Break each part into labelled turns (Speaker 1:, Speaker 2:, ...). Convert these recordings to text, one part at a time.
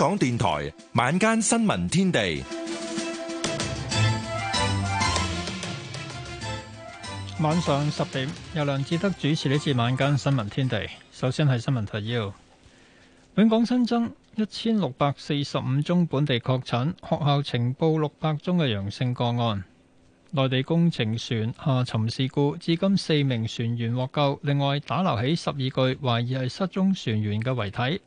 Speaker 1: 港電台
Speaker 2: 晚間新聞天地，晚上十點由梁志德主持呢次晚間新聞天地。首先係新聞提要：本港新增一千六百四十五宗本地確診，學校呈報六百宗嘅陽性個案。內地工程船下沉事故，至今四名船員獲救，另外打撈起十二具懷疑係失蹤船員嘅遺體。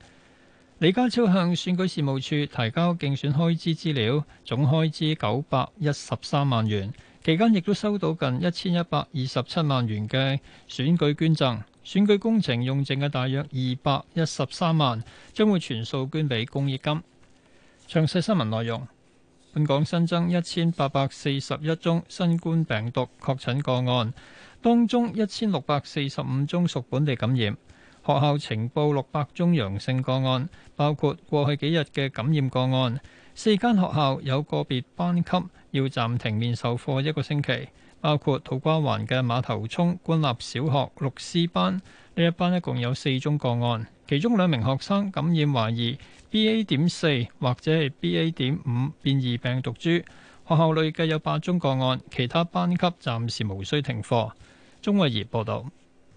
Speaker 2: 李家超向選舉事務處提交競選開支資料，總開支九百一十三萬元，期間亦都收到近一千一百二十七萬元嘅選舉捐贈。選舉工程用剩嘅大約二百一十三萬，將會全數捐俾公益金。詳細新聞內容：本港新增一千八百四十一宗新冠病毒確診個案，當中一千六百四十五宗屬本地感染。學校呈報六百宗陽性個案，包括過去幾日嘅感染個案。四間學校有個別班級要暫停面授課一個星期，包括土瓜灣嘅馬頭涌官立小學六 C 班，呢一班一共有四宗個案，其中兩名學生感染懷疑 BA 點四或者係 BA 點五變異病毒株。學校累計有八宗個案，其他班級暫時無需停課。鍾慧儀報導。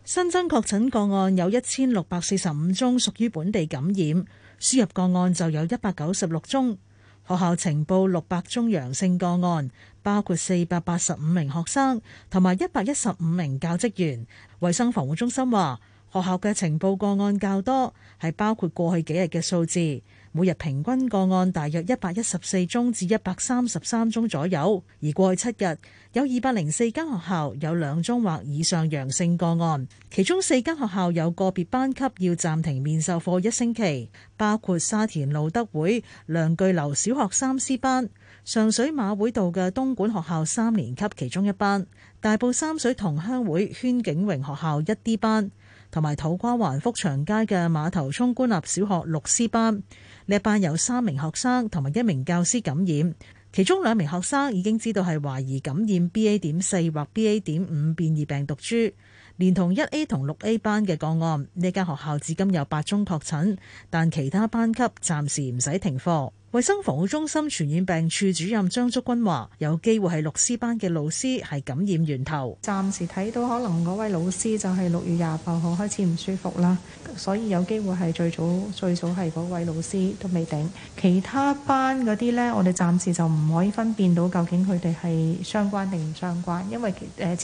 Speaker 3: 新增確診個案有一千六百四十五宗屬於本地感染，輸入個案就有一百九十六宗。學校呈報六百宗陽性個案，包括四百八十五名學生同埋一百一十五名教職員。衛生防護中心話，學校嘅呈報個案較多，係包括過去幾日嘅數字。每日平均個案大約一百一十四宗至一百三十三宗左右，而過去七日有二百零四間學校有兩宗或以上陽性個案，其中四間學校有個別班級要暫停面授課一星期，包括沙田路德會梁鉅鏐小學三 C 班、上水馬會道嘅東莞學校三年級其中一班、大埔三水同鄉會禤景榮學校一 D 班，同埋土瓜灣福祥街嘅馬頭涌官立小學六 C 班。呢班有三名學生同埋一名教師感染，其中兩名學生已經知道係懷疑感染 BA 點四或 BA 點五變異病毒株，連同一 A 同六 A 班嘅個案，呢間學校至今有八宗確診，但其他班級暫時唔使停課。衛生防護中心傳染病處主任張竹君話，有機會係六師班嘅老師係感染源頭。暫時睇到可能嗰位老師就係六月廿八號開始唔舒服啦，所以有機會係最早最早係嗰位老師都未定。其他班嗰啲呢，我哋暫時就唔可以分辨到究竟佢哋係相關定唔相關，因為誒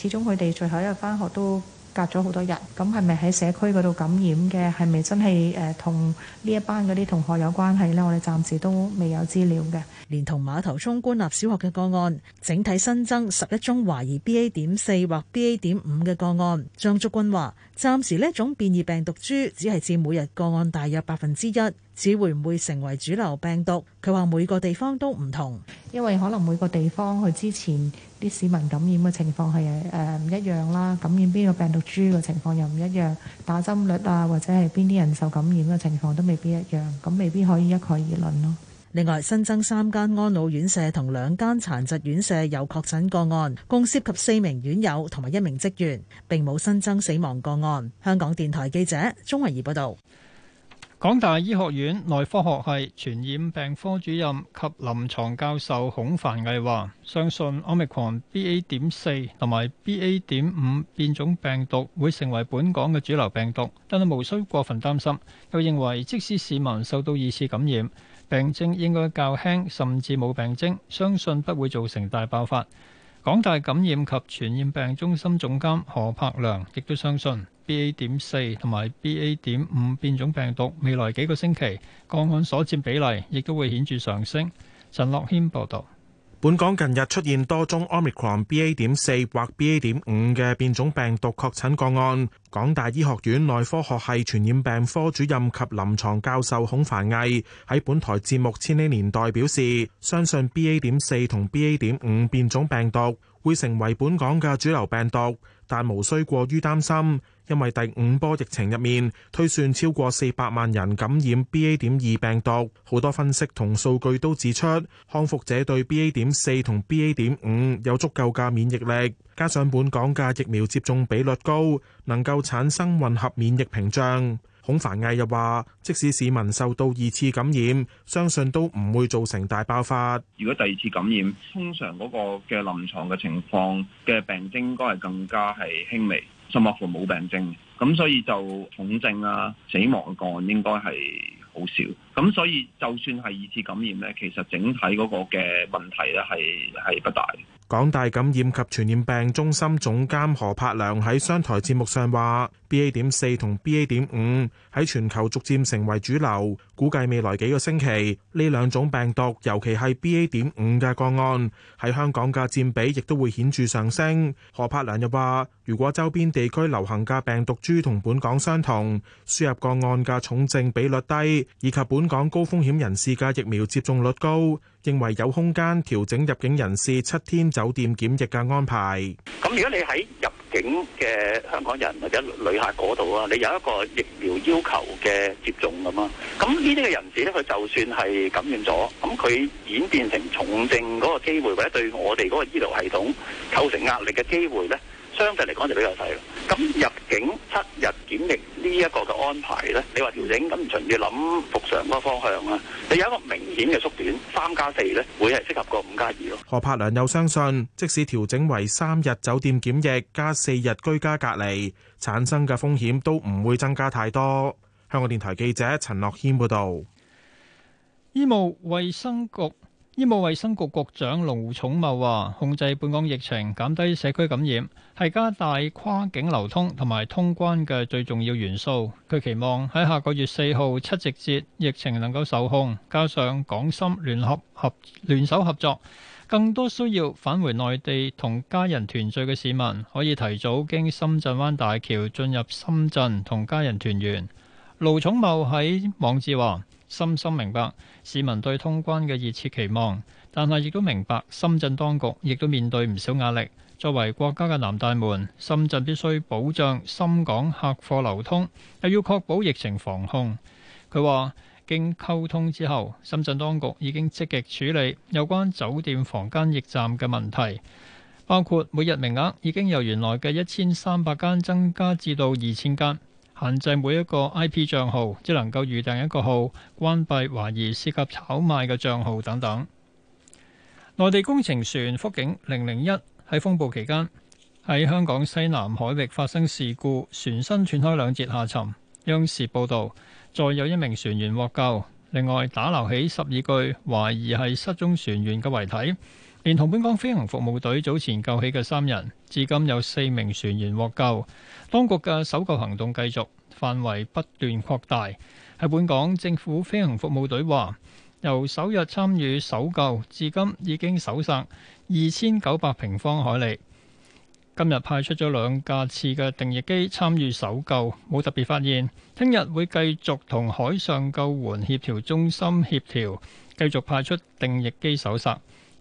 Speaker 3: 始終佢哋最後一日翻學都。隔咗好多日，咁係咪喺社區嗰度感染嘅？係咪真係誒同呢一班嗰啲同學有關係呢？我哋暫時都未有資料嘅。連同馬頭涌官立小學嘅個案，整體新增十一宗懷疑 BA. 點四或 BA. 點五嘅個案。張竹君話：暫時呢一種變異病毒株只係佔每日個案大約百分之一，只會唔會成為主流病毒？佢話每個地方都唔同，因為可能每個地方去之前。啲市民感染嘅情況係誒唔一樣啦，感染邊個病毒株嘅情況又唔一樣，打針率啊或者係邊啲人受感染嘅情況都未必一樣，咁未必可以一概而論咯啊。另外，新增三間安老院舍同兩間殘疾院舍有確診個案，共涉及四名院友同埋一名職員，並冇新增死亡個案。香港電台記者
Speaker 2: 鍾慧儀報道。港大醫學院內科學系傳染病科主任及臨床教授孔凡毅話，相信 Omicron BA. 點四同埋 BA. 點五變種病毒會成為本港嘅主流病毒，但係無需過分擔心。又認為，即使市民受到二次感染，病症應該較輕，甚至冇病徵，相信不會造成大爆發。港大感染及傳染病中心總監何柏良亦都相信，BA. 點四同埋 BA. 點五變種病毒未來幾個星期個案所佔比例亦都會顯著上升。陳樂謙報道。
Speaker 4: 本港近日出現多宗 Omicron BA. 點四或 BA. 點五嘅變種病毒確診個案。港大醫學院內科學系傳染病科主任及臨床教授孔凡毅喺本台節目《千禧年代》表示，相信 BA. 點四同 BA. 點五變種病毒會成為本港嘅主流病毒，但無需過於擔心。因為第五波疫情入面，推算超過四百萬人感染 B A. 點二病毒，好多分析同數據都指出，康復者對 B A. 點四同 B A. 點五有足夠嘅免疫力，加上本港嘅疫苗接種比率高，能夠產生混合免疫屏障。孔繁毅又話，即使市民受到二次感染，相信都唔會造成大爆發。
Speaker 5: 如果第二次感染，通常嗰個嘅臨床嘅情況嘅
Speaker 6: 病徵，應該係更加係輕微。甚至乎冇病症，咁所以就恐症啊、死亡嘅個案應該係好少。咁所以就算係二次感染咧，其實整體嗰個嘅問題咧係係不大。
Speaker 4: 港大感染及傳染病中心總監何柏良喺商台節目上話 BA. 點四同 BA. 點五喺全球逐漸成為主流，估計未來幾個星期呢兩種病毒，尤其係 BA. 點五嘅個案喺香港嘅佔比亦都會顯著上升。何柏良又話，如果周邊地區流行嘅病毒株同本港相同，輸入個案嘅重症比率低，以及本本港高風險人士嘅疫苗接種率高，認為有空間調整入境人士七天酒店檢疫嘅安排。
Speaker 6: 咁如果你喺入境嘅香港人或者旅客嗰度啊，你有一個疫苗
Speaker 1: 要求嘅接種吖嘛，咁呢啲嘅人士咧，佢就算係感染咗，咁佢演變成重症嗰個機會，或者對我哋嗰個醫療系統構成壓力嘅
Speaker 6: 機會咧，相對嚟講就比較細嘞。咁入境七日檢疫呢一個嘅安排咧，你話調整咁，仲要諗復常個方向啊，你有一個明顯嘅縮短，
Speaker 4: 三加四咧，會係適合過五加二咯。何柏良又相信，即使調整為三日酒店檢疫加四日居家隔離產生嘅風險都唔會增加太多。香港電台記者陳樂謙報道，
Speaker 2: 醫務衛生局。醫務衛生局局長盧寵茂話控制本港疫情，減低社區感染，係加大跨境流通同埋通關嘅最重要元素。佢期望喺下個月四號七夕節，疫情能夠受控，加上港深聯合合聯手合作，更多需要返回內地同家人團聚嘅市民，可以提早經深圳灣大橋進入深圳同家人團圓。盧寵茂喺網誌話。深深明白市民對通關嘅熱切期望，但係亦都明白深圳當局亦都面對唔少壓力。作為國家嘅南大門，深圳必須保障深港客貨流通，又要確保疫情防控。佢話，經溝通之後，深圳當局已經積極處理有關酒店房間驛站嘅問題，包括每日名額已經由原來嘅一千三百間增加至到二千間。限制每一個 IP 帳號，只能夠預訂一個號，關閉懷疑涉，涉及炒賣嘅帳號等等。內地工程船福景零零一喺風暴期間喺香港西南海域發生事故，船身斷開兩截下沉。央視報導，再有一名船員獲救。另外，打撈起十二具懷疑係失蹤船員嘅遺體。連同本港飛行服務隊早前救起嘅三人，至今有四名船員獲救。當局嘅搜救行動繼續，範圍不斷擴大。喺本港政府飛行服務隊話，由首日參與搜救至今已經搜索二千九百平方海里。今日派出咗兩架次嘅定翼機參與搜救，冇特別發現。聽日會繼續同海上救援協調中心協調，繼續派出定翼機搜索。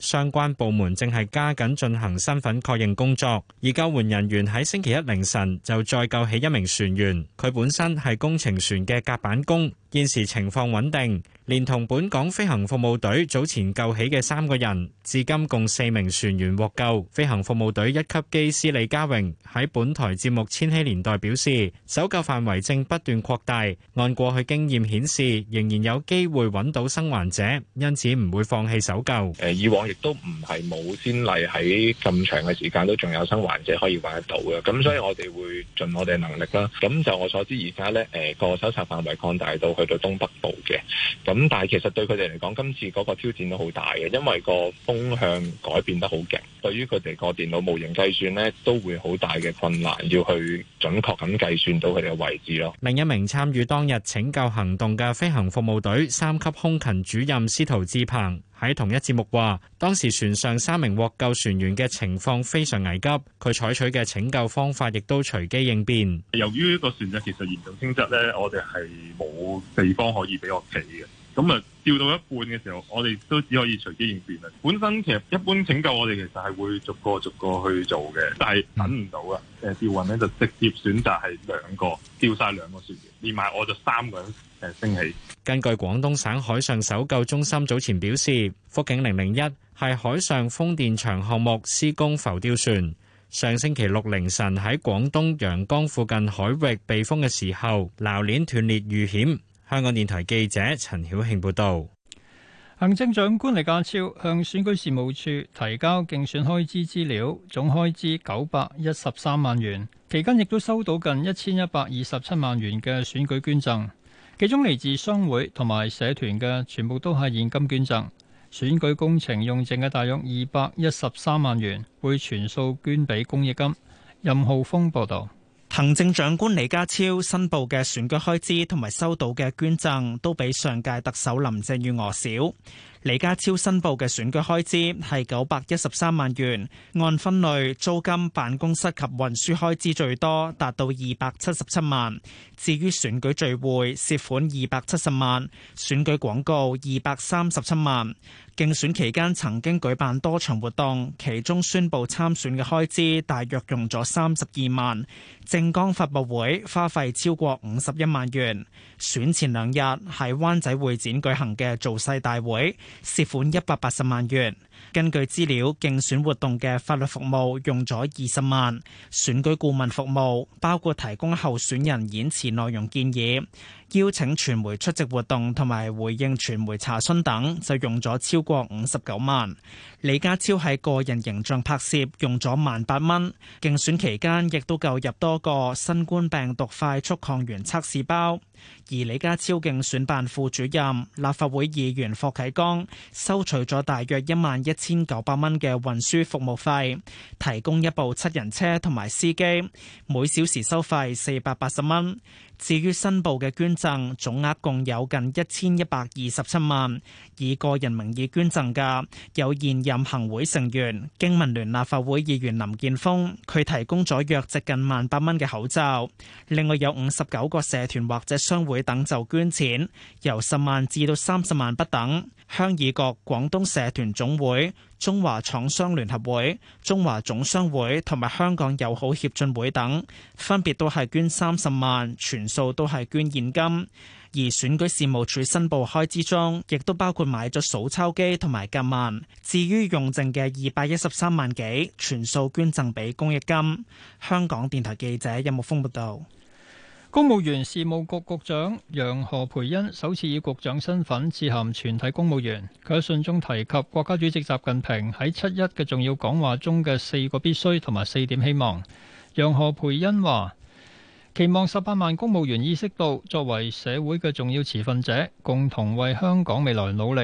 Speaker 5: 相關部門正係加緊進行身份確認工作，而救援人員喺星期一凌晨就再救起一名船員，佢本身係工程船嘅甲板工，現時情況穩定。連同本港飛行服務隊早前救起嘅三個人，至今共四名船員獲救。飛行服務隊一級機師李嘉榮喺本台節目《千禧年代》表示，搜救範圍正不斷擴大，按過去經驗顯示，仍然有機會揾到生還者，因此唔會放棄搜救。誒，以往，亦都唔係冇先例喺咁長嘅時間都仲有生還者可以搵得到嘅，咁所以我哋會盡我哋嘅能力啦。咁就我所知呢，而家咧，誒個搜查範圍擴大到去到東北部嘅，咁但係其實對佢哋嚟講，今次嗰個挑戰都好大嘅，因為個風向改變得好勁，對於佢哋個電腦模型計算咧，都會好大嘅困難，要去準確咁計算到佢哋嘅位置咯。另一名參與當日拯救行動嘅飛行服務隊三級空勤主任司徒志鵬。喺同一節目話，當時船上三名獲救船員嘅情況非常危急，佢採取嘅拯救方法亦都隨機應變。由於呢個船隻其實嚴重傾側呢，我哋係冇地方可以俾我企嘅。咁啊，掉到一半嘅時候，我哋都只可以隨機應變啊！本身其實一
Speaker 1: 般拯救我哋其實係會逐個逐個去做嘅，但係等唔到啊！誒，吊運咧就直接選擇係兩個掉曬兩個船員，連埋我就三個人，誒升起。
Speaker 5: 根據廣東省海上搜救中心早前表示，福景零零一係海上風電場項目施工浮吊船，上星期六凌晨喺廣東陽江附近海域避風嘅時候，纜鏈斷裂遇險。香港電台記者陳曉慶報道，
Speaker 2: 行政長官李家超向選舉事務處提交競選開支資料，總開支九百一十三萬元，期間亦都收到近一千一百二十七萬元嘅選舉捐贈，其中嚟自商會同埋社團嘅全部都係現金捐贈。選舉工程用剩嘅大約二百一十三萬元會全數捐俾公益金。任浩峰報道。行政長官李家超申報嘅選舉開支同埋收到嘅捐贈，都
Speaker 7: 比上屆特首林鄭月娥少。李家超申報嘅選舉開支係九百一十三萬元，按分類，租金、辦公室及運輸開支最多，達到二百七十七萬。至於選舉聚會，涉款二百七十萬；選舉廣告二百三十七萬。競選期間曾經舉辦多場活動，其中宣布參選嘅開支大約用咗三十二萬。政綱發布會花費超過五十一萬元。選前兩日喺灣仔會展舉行嘅造勢大會。涉款一百八十萬元。根據資料，競選活動嘅法律服務用咗二十萬，選舉顧問服務包括提供候選人演辭內容建議、邀請傳媒出席活動同埋回應傳媒查詢等，就用咗超過五十九萬。李家超喺個人形象拍攝用咗萬八蚊，競選期間亦都購入多個新冠病毒快速抗原測試包。而李家超競選辦副主任、立法會議員霍啟剛收取咗大約一萬一千九百蚊嘅運輸服務費，提供一部七人車同埋司機，每小時收費四百八十蚊。至於申報嘅捐贈總額共有近一千一百二十七萬，以個人名義捐贈嘅有現任行會成員、經民聯立法會議員林健鋒，佢提供咗約值近萬八蚊嘅口罩。另外有五十九個社團或者商會等就捐錢，由十萬至到三十萬不等。鄉議局、廣東社團總會、中華廠商聯合會、中華總商會同埋香港友好協進會等，分別都係捐三十萬，全數都係捐現金。而選舉事務處申報開支中，亦都包括買咗數鈔機同埋夾萬。至於用剩嘅二百一十三萬幾，全數捐贈俾公益金。香港電台記者任木峰報道。
Speaker 2: 公務員事務局局長楊何培恩首次以局長身份致函全體公務員。佢喺信中提及國家主席習近平喺七一嘅重要講話中嘅四個必須同埋四點希望。楊何培恩話：期望十八萬公務員意識到作為社會嘅重要持份者，共同為香港未來努力，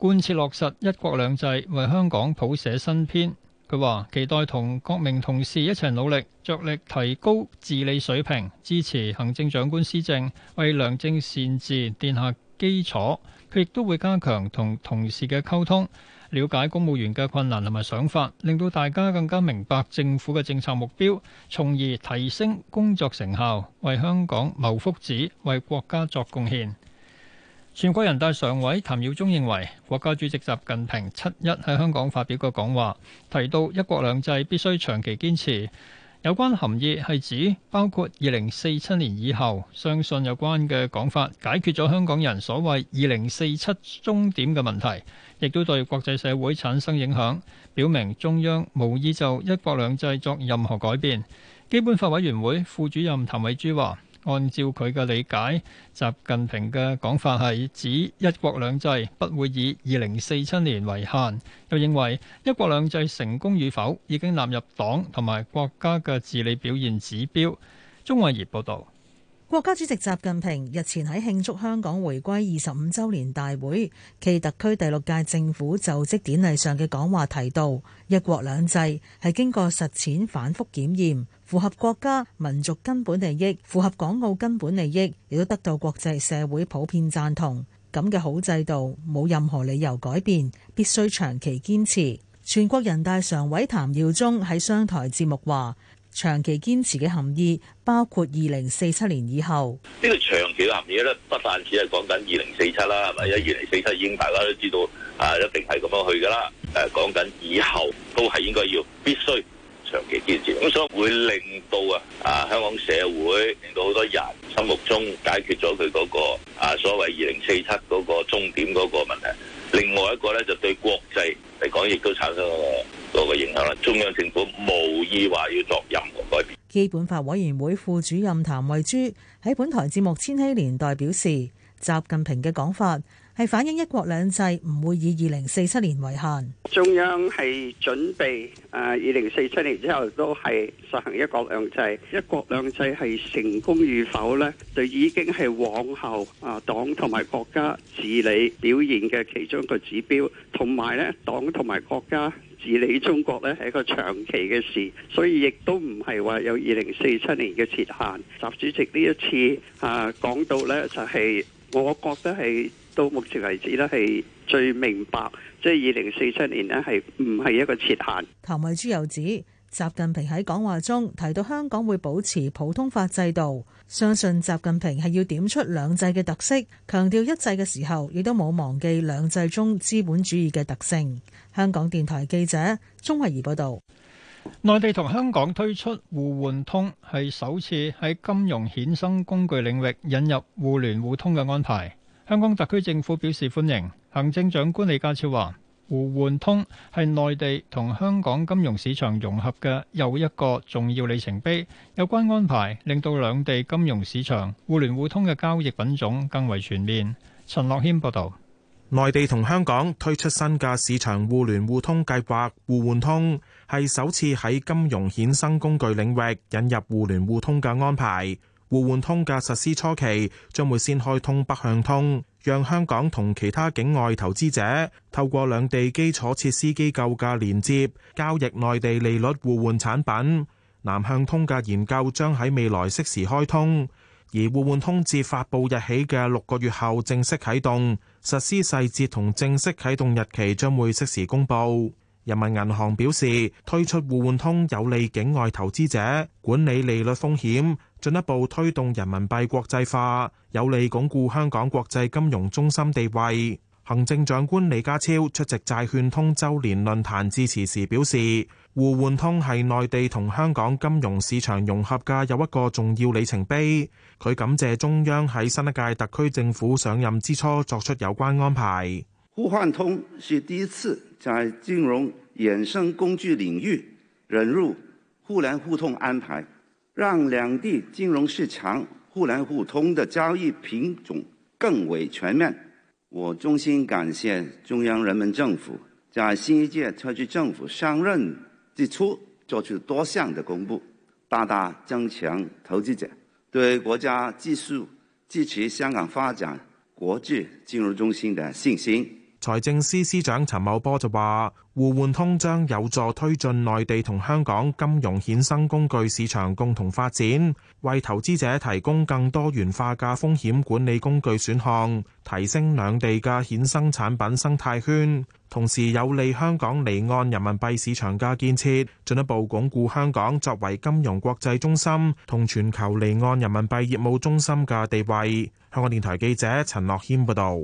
Speaker 2: 貫徹落實一國兩制，為香港譜寫新篇。佢話：期待同各名同事一齊努力，着力提高治理水平，支持行政長官施政，為良政善治奠下基礎。佢亦都會加強同同事嘅溝通，了解公務員嘅困難同埋想法，令到大家更加明白政府嘅政策目標，從而提升工作成效，為香港謀福祉，為國家作貢獻。全國人大常委譚耀宗認為，國家主席習近平七一喺香港發表嘅講話，提到一國兩制必須長期堅持。有關含義係指，包括二零四七年以後，相信有關嘅講法解決咗香港人所謂二零四七終點嘅問題，亦都對國際社會產生影響，表明中央無意就一國兩制作任何改變。基本法委員會副主任譚惠珠話。按照佢嘅理解，習近平嘅講法係指一國兩制不會以二零四七年為限。又認為一國兩制成功與否已經納入黨同埋國家嘅治理表現指標。鍾慧儀報道。
Speaker 3: 國家主席習近平日前喺慶祝香港回歸二十五周年大會暨特區第六屆政府就職典禮上嘅講話提到，一國兩制係經過實踐反覆檢驗。符合國家民族根本利益，符合港澳根本利益，亦都得到國際社會普遍贊同。咁嘅好制度，冇任何理由改變，必須長期堅持。全國人大常委譚耀宗喺商台節目話：長期堅持嘅含義包括二零四七年以後。
Speaker 7: 呢個長期嘅含義咧，不單止係講緊二零
Speaker 1: 四七啦，係咪？因為二零四七已經大家都知道啊，一定係咁樣去噶啦。誒，講緊以後都係應該要必須。長期堅持，咁所以會令到啊啊香港社會令到好多人心目中解決咗佢嗰個啊所謂二零四七嗰個終點嗰個問題。另外一個咧就對國際嚟講，亦都產生個個個影響啦。中央政府無意話要作任何改變。
Speaker 3: 基本法委員會副主任譚慧珠喺本台節目《千禧年代》表示，習近平嘅講法，係反映一國兩制唔會以二零四七年為限。
Speaker 1: 中央係準備誒，二零四七年之後都係實行一國兩制。一國兩制係成功與否呢？就已經係往後啊黨同埋國家治理表現嘅其中一個指標。同埋呢黨同埋國家治理中國呢，係一個長期嘅事，所以亦都唔係話有二零四七年嘅設限。習主席呢一次啊講到呢，就係我覺得係。到目前為止咧，係最明白，即係二零四七年咧，係唔係
Speaker 2: 一個設限。
Speaker 3: 譚惠珠又指，習近平喺講話中提到香港會保持普通法制度，相信習近平係要點出兩制嘅特色，強調一制嘅時候，亦都冇忘記兩制中資本主義嘅特性。香港電台記者鍾慧儀報道，
Speaker 2: 內地同香港推出互換通係首次喺金融衍生工具領域引入互聯互通嘅安排。香港特區政府表示歡迎，行政長官李家超話：互換通係內地同香港金融市場融合嘅又一個重要里程碑。有關安排令到兩地金融市場互聯互通嘅交易品種更為全面。
Speaker 4: 陳樂軒報道，內地同香港推出新嘅市場互聯互通計劃，互換通係首次喺金融衍生工具領域引入互聯互通嘅安排。互換通嘅實施初期將會先開通北向通，讓香港同其他境外投資者透過兩地基礎設施機構嘅連接，交易內地利率互換產品。南向通嘅研究將喺未來適時開通，而互換通自發布日起嘅六個月後正式啟動，實施細節同正式啟動日期將會適時公布。人民銀行表示，推出互換通有利境外投資者管理利率風險，進一步推動人民幣國際化，有利鞏固香港國際金融中心地位。行政長官李家超出席債券通周年論壇致辭時表示，互換通係內地同香港金融市場融合嘅有一個重要里程碑。佢感謝中央喺新一屆特區政府上任之初作出有關安排。
Speaker 1: 互換通是第一次在金融衍生工具領域引入互聯互通安排，讓兩地金融市場互聯互通的交易品種更為全面。我衷心感謝中央人民政府在新一屆特區政府上任之初做出多項的公布，大大增強投資者對國家繼續支持香港發展國際金融中心的信心。
Speaker 4: 財政司司長陳茂波就話：互換通將有助推進內地同香港金融衍生工具市場共同發展，為投資者提供更多元化嘅風險管理工具選項，提升兩地嘅衍生產品生態圈，同時有利香港離岸人民幣市場嘅建設，進一步鞏固香港作為金融國際中心同全球離岸人民幣業務中心嘅地位。香港電台記者陳樂謙報道。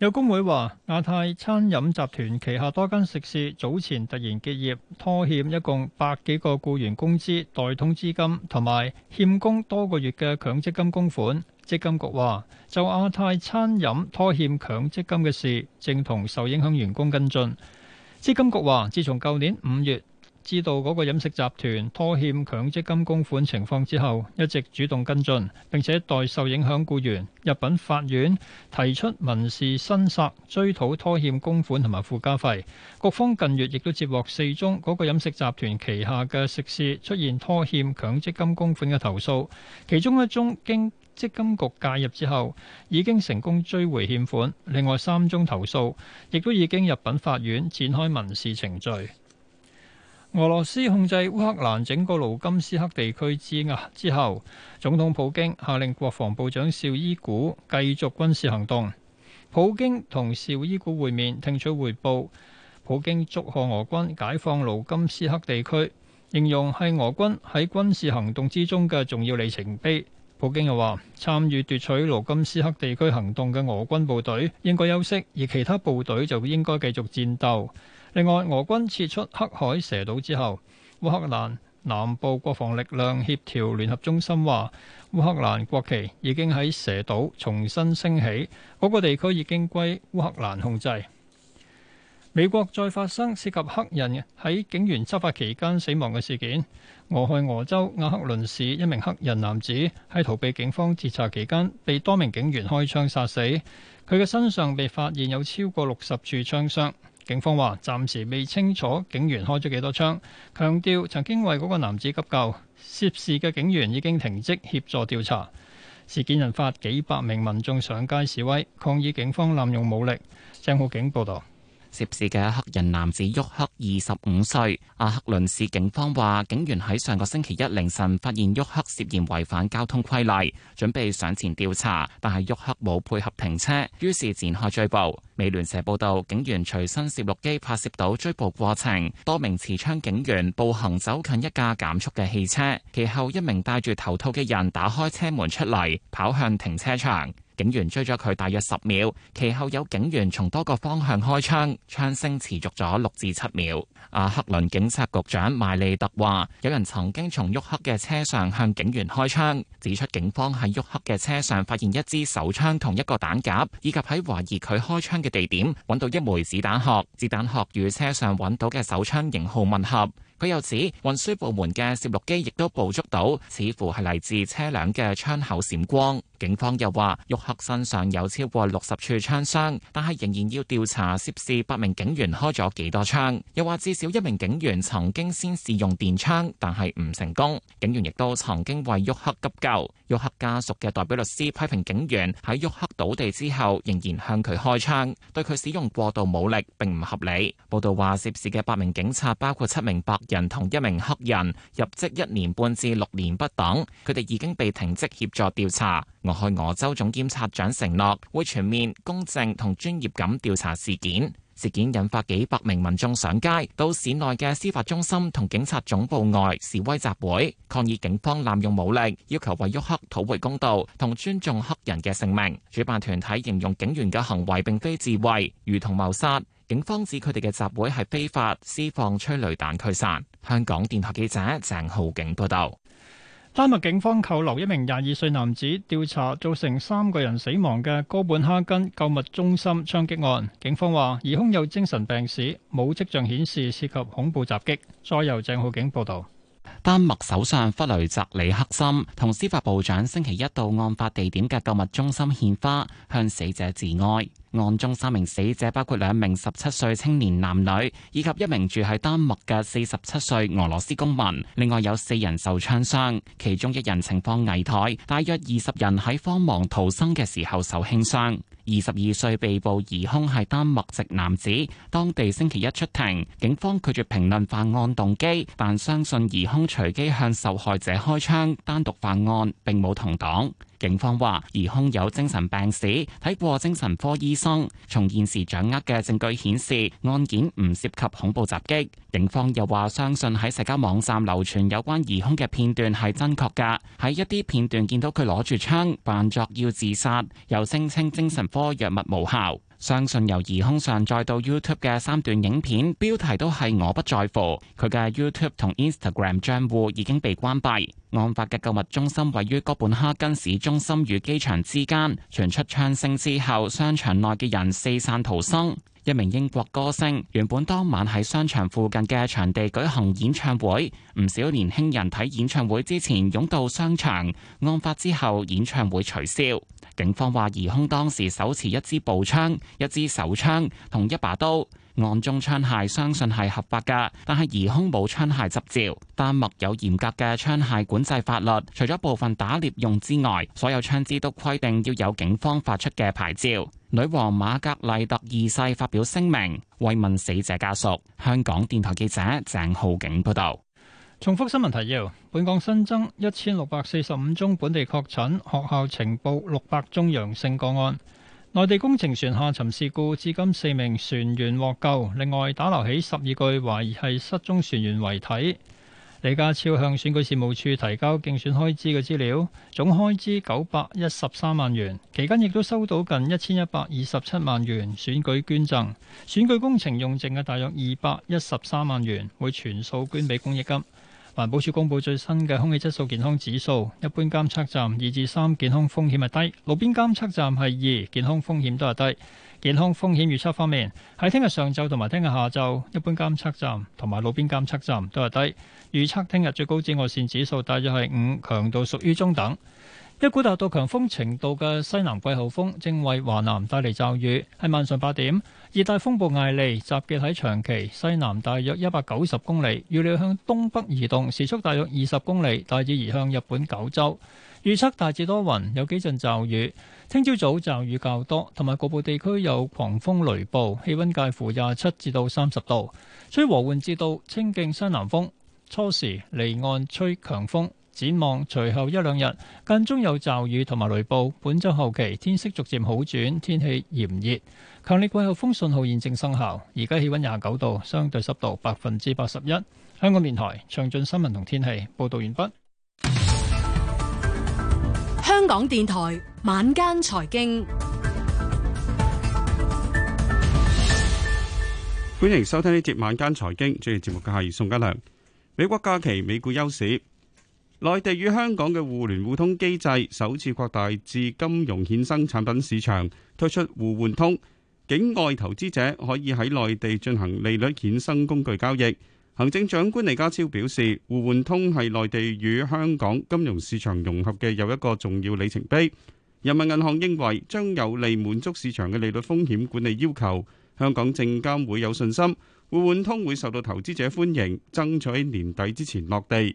Speaker 2: 有工會話亞太餐飲集團旗下多間食肆早前突然結業，拖欠一共百幾個雇員工資、代通資金同埋欠工多個月嘅強積金供款。積金局話就亞太餐飲拖欠強積金嘅事，正同受影響員工跟進。積金局話，自從舊年五月，知道嗰個飲食集團拖欠強積金供款情況之後，一直主動跟進，並且代受影響僱員入禀法院提出民事申索，追討拖欠供款同埋附加費，局方近月亦都接獲四宗嗰個飲食集團旗下嘅食肆出現拖欠強積金供款嘅投訴，其中一宗經積金局介入之後已經成功追回欠款。另外三宗投訴亦都已經入禀法院展開民事程序。俄羅斯控制烏克蘭整個盧甘斯克地區之壓之後，總統普京下令國防部長邵伊古繼續軍事行動。普京同邵伊古會面聽取彙報，普京祝賀俄軍解放盧甘斯克地區，形容係俄軍喺軍事行動之中嘅重要里程碑。普京又話：參與奪取盧甘斯克地區行動嘅俄軍部隊應該休息，而其他部隊就應該繼續戰鬥。另外，俄軍撤出黑海蛇島之後，烏克蘭南部國防力量協調聯合中心話，烏克蘭國旗已經喺蛇島重新升起，嗰個地區已經歸烏克蘭控制。美國再發生涉及黑人喺警員執法期間死亡嘅事件，俄亥俄州阿克倫市一名黑人男子喺逃避警方截查期間被多名警員開槍殺死，佢嘅身上被發現有超過六十處槍傷。警方話暫時未清楚警員開咗幾多槍，強調曾經為嗰個男子急救，涉事嘅警員已經停職協助調查。事件引發幾百名民眾上街示威，抗議警方濫用武力。鄭浩景報道。涉事嘅黑人男子沃克二
Speaker 6: 十五歲。阿克倫市警方話，警員喺上個星期一凌晨發現沃克涉嫌違反交通規例，準備上前調查，但係沃克冇配合停車，於是展開追捕。美聯社報道，警員隨身攝錄機拍攝到追捕過程，多名持槍警員步行走近一架減速嘅汽車，其後一名戴住頭套嘅人打開車門出嚟，跑向停車場。警員追咗佢大約十秒，其後有警員從多個方向開槍，槍聲持續咗六至七秒。阿克倫警察局長邁利特話，有人曾經從沃克嘅車上向警員開槍，指出警方喺沃克嘅車上發現一支手槍同一個彈夾，以及喺懷疑佢開槍嘅地點揾到一枚子彈殼，子彈殼與車上揾到嘅手槍型號吻合。佢又指運輸部門嘅攝錄機亦都捕捉到，似乎係嚟自車輛嘅槍口閃光。警方又話，沃克身上有超過六十處槍傷，但係仍然要調查涉事八名警員開咗幾多槍。又話至少一名警員曾經先試用電槍，但係唔成功。警員亦都曾經為沃克急救。沃克家屬嘅代表律師批評警員喺沃克倒地之後仍然向佢開槍，對佢使用過度武力並唔合理。報道話涉事嘅八名警察包括七名白人同一名黑人，入職一年半至六年不等，佢哋已經被停職協助調查。去俄亥俄州總檢察長承諾會全面、公正同專業咁調查事件。事件引發幾百名民眾上街，到市內嘅司法中心同警察總部外示威集會，抗議警方濫用武力，要求為沃克討回公道同尊重黑人嘅性命。主辦團體形容警員嘅行為並非自衛，如同謀殺。警方指佢哋嘅集會係非法，施放
Speaker 2: 催淚彈驅散。香港電台記者鄭浩景報道。丹麥警方扣留一名廿二歲男子，調查造成三個人死亡嘅哥本哈根購物中心槍擊案。警方話疑兇有精神病史，冇跡象顯示涉及恐怖襲擊。再由鄭浩景報道。
Speaker 6: 丹麥首相弗雷澤里克森同司法部長星期一到案發地點嘅購物中心獻花，向死者致哀。案中三名死者包括兩名十七歲青年男女以及一名住喺丹麥嘅四十七歲俄羅斯公民，另外有四人受槍傷，其中一人情況危殆，大約二十人喺慌忙逃生嘅時候受輕傷，二十二歲被捕疑凶係丹麥籍男子，當地星期一出庭，警方拒絕評論犯案動機，但相信疑凶隨機向受害者開槍，單獨犯案並冇同黨。警方話疑兇有精神病史，睇過精神科醫生。從現時掌握嘅證據顯示，案件唔涉及恐怖襲擊。警方又話相信喺社交網站流傳有關疑兇嘅片段係真確㗎。喺一啲片段見到佢攞住槍，扮作要自殺，又聲稱精神科藥物無效。相信由疑兇上載到 YouTube 嘅三段影片，標題都係我不在乎。佢嘅 YouTube 同 Instagram 賬戶已經被關閉。案發嘅購物中心位於哥本哈根市中心與機場之間。傳出槍聲之後，商場內嘅人四散逃生。一名英國歌星原本當晚喺商場附近嘅場地舉行演唱會，唔少年輕人睇演唱會之前湧到商場。案發之後，演唱會取消。警方話疑兇當時手持一支步槍、一支手槍同一把刀。案中槍械相信係合法嘅，但係疑兇冇槍械執照。丹麥有嚴格嘅槍械管制法律，除咗部分打獵用之外，所有槍支都規定要有警方發出嘅牌照。女王瑪格麗特二世發表聲明，慰問死者家屬。香港電台記
Speaker 2: 者鄭浩景報道。重複新聞提要，本港新增一千六百四十五宗本地確診，學校呈報六百宗陽性個案。內地工程船下沉事故至今四名船員獲救，另外打撈起十二具懷疑係失蹤船員遺體。李家超向選舉事務處提交競選開支嘅資料，總開支九百一十三萬元，期間亦都收到近一千一百二十七萬元選舉捐贈。選舉工程用剩嘅大約二百一十三萬元會全數捐俾公益金。環保署公布最新嘅空氣質素健康指數，一般監測站二至三，健康風險係低；路邊監測站係二，健康風險都係低。健康風險預測方面，喺聽日上晝同埋聽日下晝，一般監測站同埋路邊監測站都係低。預測聽日最高紫外線指數大約係五，強度屬於中等。一股達到強風程度嘅西南季候風正為華南帶嚟驟雨，喺晚上八點，熱帶風暴艾利集結喺長崎西南，大約一百九十公里，預料向東北移動，時速大約二十公里，大致移向日本九州。預測大致多雲，有幾陣驟雨，聽朝早驟雨較多，同埋局部地區有狂風雷暴，氣温介乎廿七至到三十度，吹和緩至到清勁西南風，初時離岸吹強風。展望隨後一兩日，間中有驟雨同埋雷暴。本周後期天色逐漸好轉，天氣炎熱。強烈季候風信號現正生效。而家氣溫廿九度，相對濕度百分之八十一。香港電台詳盡新聞同天氣報道完畢。
Speaker 3: 香港電台晚間財經，
Speaker 1: 歡迎收聽呢節晚間財經。主持節目嘅係宋家良。美國假期美股休市。內地與香港嘅互聯互通機制首次擴大至金融衍生產品市場，推出互換通，境外投資者可以喺內地進行利率衍生工具交易。行政長官李家超表示，互換通係內地與香港金融市場融合嘅又一個重要里程碑。人民銀行認為，將有利滿足市場嘅利率風險管理要求。香港證監會有信心，互換通會受到投資者歡迎，爭取喺年底之前落地。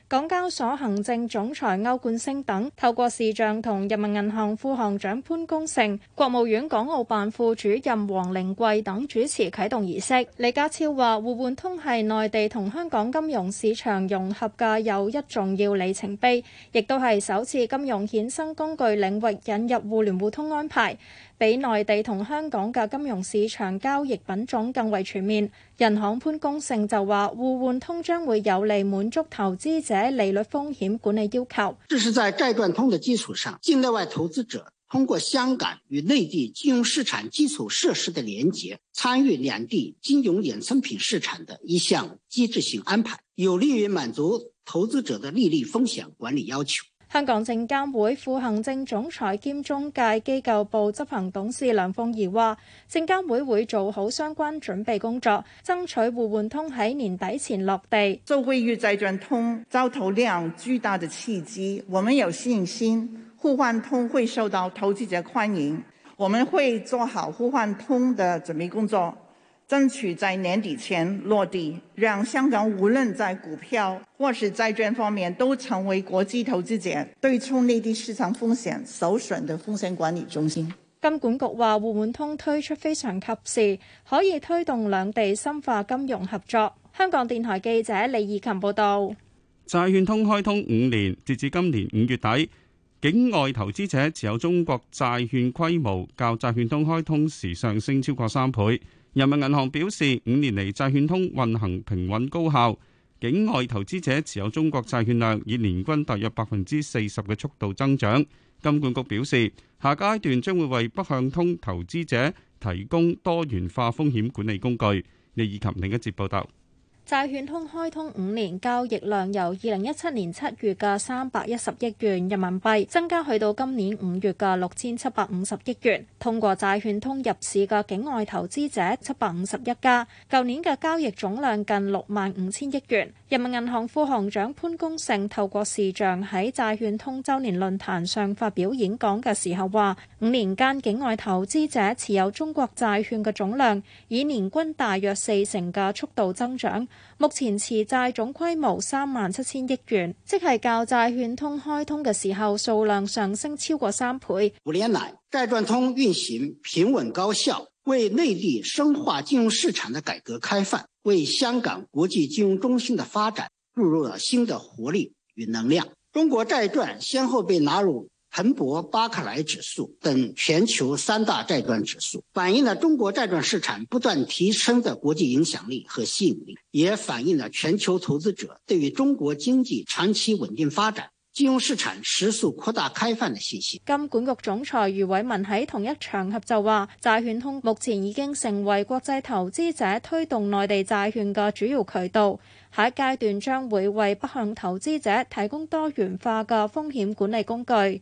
Speaker 8: 港交所行政總裁歐冠昇等透過視像同人民銀行副行長潘功勝、國務院港澳辦副主任黃凌桂等主持啟動儀式。李家超話：互換通係內地同香港金融市場融合嘅又一重要里程碑，亦都係首次金融衍生工具領域引入互聯互通安排。比內地同香港嘅金融市場交易品種更為全面，人行潘功勝就話：互換通將會有利滿足投資者利率風險管理要求。這是在債券通的基礎上，境內外投資者通過香港與內地金融市場基礎設施的連接，參與兩地金融衍生品市場的一項機制性安排，有利於滿足投資者的利率
Speaker 9: 風險管理要求。
Speaker 8: 香港證監會副行政總裁兼中介機構部執行董事梁鳳儀話，證監會會做好相關準備工作，爭取互換通喺年底前落地。做互聯債券通，交投量巨大的契機，我們有信心互換通會受到投資者歡迎，我們會做好互換通的準備工作。爭取在年底前落地，讓香港無論在股票或是債券方面都成為國際投資者對沖內地市場風險首選的風險管理中心。金管局話，互換通推出非常及時，可以推動兩地深化金融合作。香港電台記者李義琴報道：
Speaker 1: 債券通開通五年，截至今年五月底，境外投資者持有中國債券規模較債券通開通時上升超過三倍。人民銀行表示，五年嚟債券通運行平穩高效，境外投資者持有中國債券量以年均大約百分之四十嘅速度增長。金管局表示，下階段將會為北向通投資者提供多元化風險管理工具。李以勤另一節報道。
Speaker 8: 債券通開通五年，交易量由二零一七年七月嘅三百一十億元人民幣增加去到今年五月嘅六千七百五十億元。通過債券通入市嘅境外投資者七百五十一家，舊年嘅交易總量近六萬五千億元。人民銀行副行長潘功勝透過視像喺債券通週年論壇上發表演講嘅時候話：五年間，境外投資者持有中國債券嘅總量以年均大約四成嘅速度增長。目前持債總規模三萬七千億元，即係較債券通開通嘅時候數量上升超過三倍。五年來，債券通運行平穩高效，為內地深化金融市場的改革開放，為香港國際金融中心嘅發展注入,入了新嘅活力與能量。中國債券先後被納入。彭博巴克萊指數等全球三大債券指數，反映了中國債券市場不斷提升的國際影響力和吸引力，也反映了全球投資者對於中國經濟長期穩定發展、金融市場持續擴大開放的信心。金管局總裁余偉文喺同一場合就話，債券通目前已經成為國際投資者推動內地債券嘅主要渠道，下一階段將會為北向投資者提供多元化嘅風險管理工具。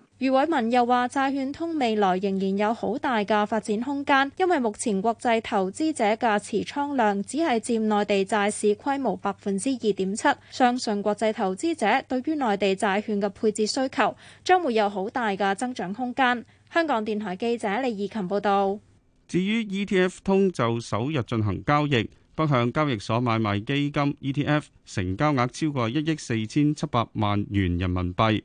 Speaker 8: 余偉文又話：債券通未來仍然有好大嘅發展空間，因為目前國際投資者嘅持倉量只係佔內地債市規模百分之二點七，相信國際投資者對於內地債券嘅配置需求將會有好大嘅增長空間。香港電台記者李義勤報
Speaker 1: 道。至於 ETF 通就首日進行交易，北向交易所買賣基金 ETF，成交額超過一億四千七百萬元人民幣。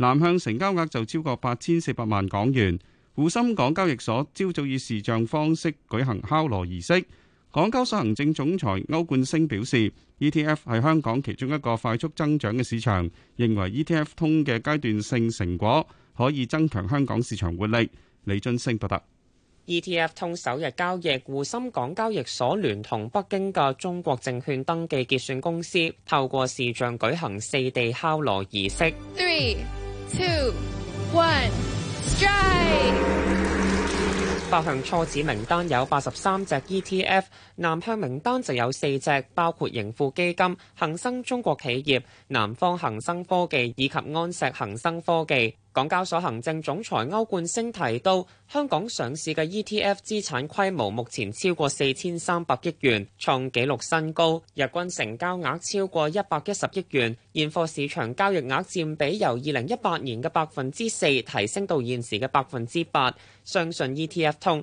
Speaker 1: 南向成交額就超過八千四百萬港元。滬深港交易所朝早以視像方式舉行敲鑼儀式。港交所行政總裁歐冠昇，表示，ETF 係香港其中一個快速增長嘅市場，認為 ETF 通嘅階段性成果可以增強香港市場活力。李津升報道。
Speaker 9: ETF 通首日交易，滬深港交易所聯同北京嘅中國證券登記結算公司透過視像舉行四地敲鑼儀式。
Speaker 4: Three。 two one, strike one。
Speaker 9: 北向初始名單有八十三隻 ETF，南向名單就有四隻，包括盈富基金、恒生中國企業、南方恒生科技以及安石恒生科技。港交所行政總裁歐冠昇提到，香港上市嘅 ETF 資產規模目前超過四千三百億元，創紀錄新高，日均成交額超過一百一十億元，現貨市場交易額佔比由二零一八年嘅百分之四提升到現時嘅百分之八，相信 ETF 通。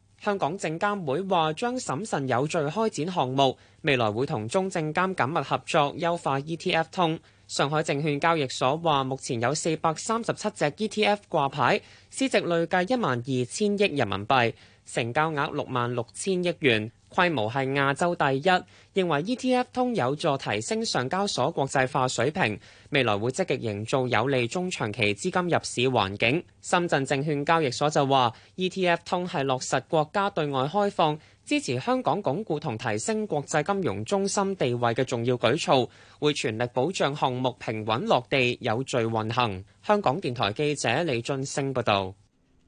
Speaker 9: 香港證監會話將審慎有序開展項目，未來會同中證監緊密合作，優化 ETF 通。上海證券交易所話，目前有四百三十七隻 ETF 掛牌，市值累計一萬二千億人民幣。成交額六萬六千億元，規模係亞洲第一。認為 ETF 通有助提升上交所國際化水平，未來會積極營造有利中長期資金入市環境。深圳證券交易所就話，ETF 通係落實國家對外開放，支持香港鞏固同提升國際金融中心地位嘅重要舉措，會全力保障項目平穩落地有序運行。香港電台記者李俊升報導。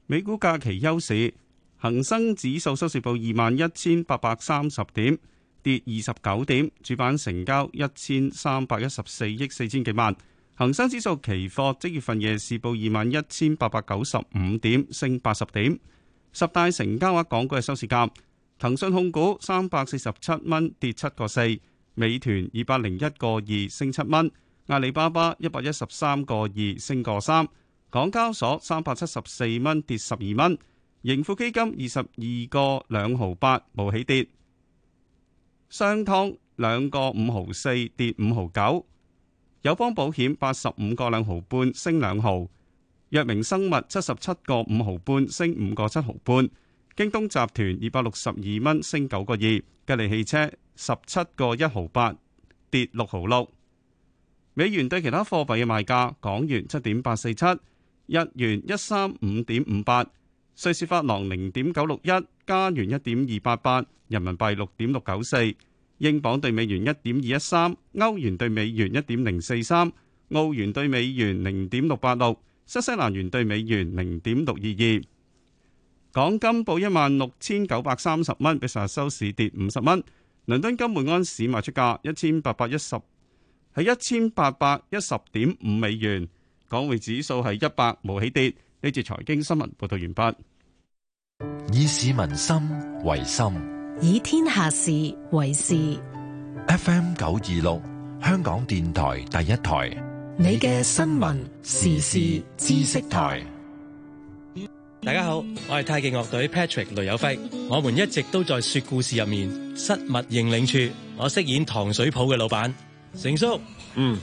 Speaker 1: 美股假期休市。恒生指數收市報二萬一千八百三十點，跌二十九點。主板成交一千三百一十四億四千幾萬。恒生指數期貨即月份夜市報二萬一千八百九十五點，升八十點。十大成交額港股嘅收市價：騰訊控股三百四十七蚊，跌七個四；美團二百零一個二，升七蚊；阿里巴巴一百一十三個二，升個三；港交所三百七十四蚊，跌十二蚊。盈富基金二十二個兩毫八，冇起跌；商湯兩個五毫四，跌五毫九；友邦保險八十五個兩毫半，升兩毫；藥明生物七十七個五毫半，升五個七毫半；京東集團二百六十二蚊，升九個二；吉利汽車十七個一毫八，跌六毫六；美元兌其他貨幣嘅賣價：港元七點八四七，日元一三五點五八。瑞士法郎零點九六一，加元一點二八八，人民幣六點六九四，英鎊兌美元一點二一三，歐元兌美元一點零四三，澳元兌美元零點六八六，新西蘭元兌美元零點六二二。港金報一萬六千九百三十蚊，比上日收市跌五十蚊。倫敦金每安士賣出價一千八百一十，係一千八百一十點五美元。港匯指數係一百，冇起跌。呢節財經新聞報道完畢，以市民
Speaker 5: 心為心，以天下事為事。F M 九二六，香港電台第一台，
Speaker 2: 你嘅新聞時事
Speaker 4: 知識台。
Speaker 5: 大家好，我係太極樂隊 Patrick 雷有輝，
Speaker 4: 我們一直都在說故事入面，失物認領處，我飾演糖水鋪嘅老闆，成叔。嗯。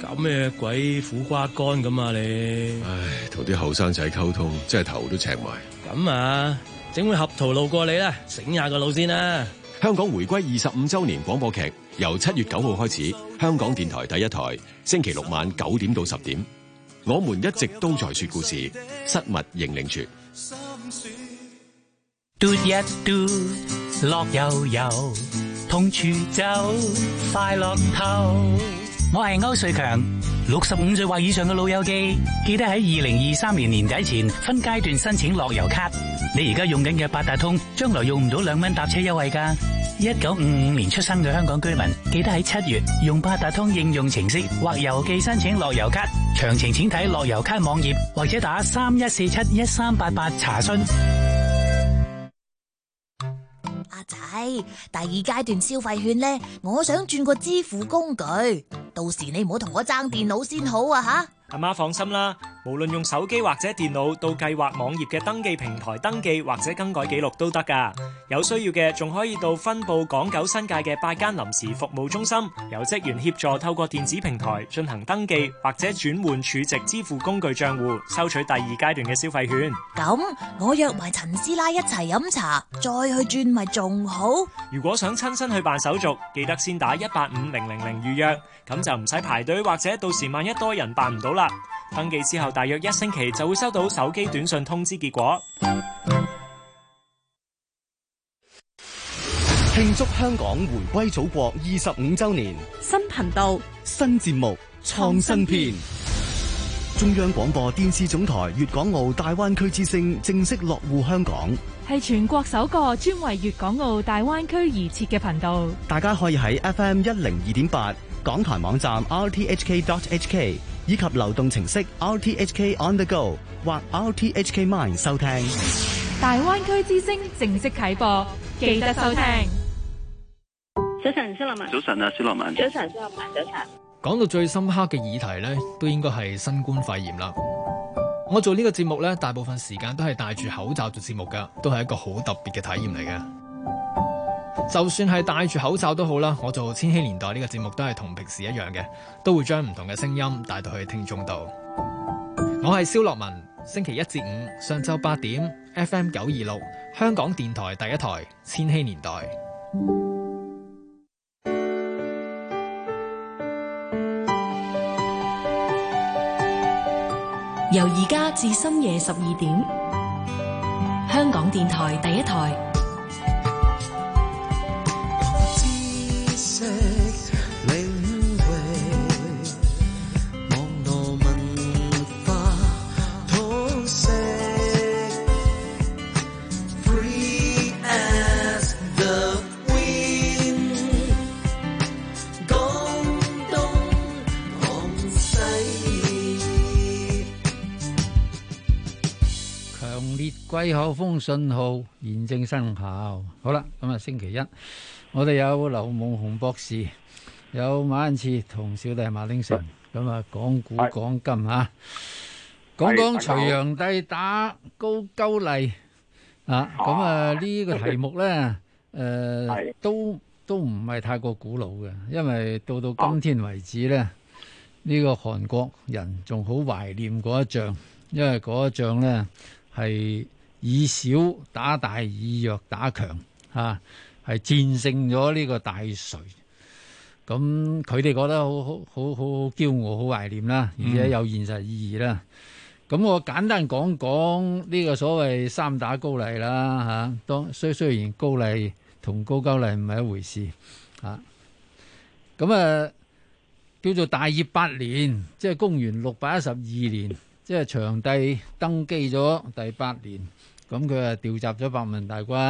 Speaker 4: 搞咩鬼苦瓜乾咁啊你！唉，
Speaker 2: 同啲後生仔溝通真係頭都赤埋。
Speaker 4: 咁啊，整碗合桃
Speaker 2: 路過你啦，醒下個腦先啦。香港回歸二十五周年廣播劇由七月九號開始，香港電臺第一台星期六晚九點到十點，我們一直都在說故事。失物認領處。嘟
Speaker 9: 一嘟，樂悠悠，痛處走，快樂透。我係歐瑞強，六十五歲或以上嘅老友記，記得喺二零二三年年底前分階段申請樂悠卡。你而家用緊嘅八達通，將來用唔到兩蚊搭車優惠㗎。一九五五年出生嘅香港居民，記得喺七月用八達通應用程式或郵寄申請樂悠卡。詳情請睇樂悠卡網頁或者打三一四七一三八八查詢。
Speaker 3: 第二階段消費券呢，我想轉個支付工具，到時你唔好同我爭電腦先好啊吓！
Speaker 5: 阿媽放心啦，無論用手機或者電腦到計劃網頁嘅登記平台登記或者更改記錄都得噶。有需要嘅仲可以到分佈港九新界嘅八間臨時服務中心，由職員協助透過電子平台進行登記或者轉換儲值支付工具賬戶，收取第二階段嘅消費券。
Speaker 3: 咁我約埋陳師奶一齊飲茶，再去轉咪仲好？
Speaker 5: 如果想親身去辦手續，記得先打一八五零零零預約。咁就唔使排隊，或者到時萬一多人辦唔到啦。登記之後，大約一星期就會收到手機短信通知結果。
Speaker 7: 慶祝香港回歸祖國二十五周年，新頻道、新節目、創新片，中央廣播電視總台粵港澳大灣區之聲正式落戶香港，
Speaker 3: 係全國首個專為粵港澳大灣區而設嘅頻道。
Speaker 7: 大家可以喺 FM 一零二點八。港台網站 rthk.hk 以及流動程式 rthk on the go 或 rthk mine 收聽。
Speaker 8: 大灣區之聲正式啟播，記得收聽。早晨，蕭樂
Speaker 2: 文。早晨啊，蕭樂文。早晨，蕭樂文。
Speaker 8: 早
Speaker 2: 晨。講到最深刻嘅議題咧，都應該係新冠肺炎啦。我做呢個節目咧，大部分時間都係戴住口罩做節目噶，都係一個好特別嘅體驗嚟嘅。就算係戴住口罩都好啦，我做千禧年代呢個節目都係同平時一樣嘅，都會將唔同嘅聲音帶到去聽眾度。我係蕭樂文，星期一至五上晝八點，FM 九二六，香港電台第一台千禧年代，
Speaker 3: 由而家至深夜十二點，香港電台第一台。
Speaker 10: 最後風信號現正生效。好啦，咁啊星期一我哋有劉夢紅博士，有馬恩賜、同小弟、馬丁成，咁啊講古講今啊，講講隋煬帝打高句麗啊，咁啊呢個題目咧，誒都都唔係太過古老嘅，因為到到今天為止咧，呢個韓國人仲好懷念嗰一仗，因為嗰一仗咧係。以小打大，以弱打強，啊，係戰勝咗呢個大隋。咁佢哋覺得好好好好驕傲，好懷念啦，而且有現實意義啦。咁、啊嗯、我簡單講講呢個所謂三打高麗啦，吓、啊，當雖雖然高麗同高句麗唔係一回事，吓、啊。咁啊，叫做大業八年，即、就、係、是、公元六百一十二年，即、就、係、是、煬帝登基咗第八年。咁佢啊調集咗百萬大軍。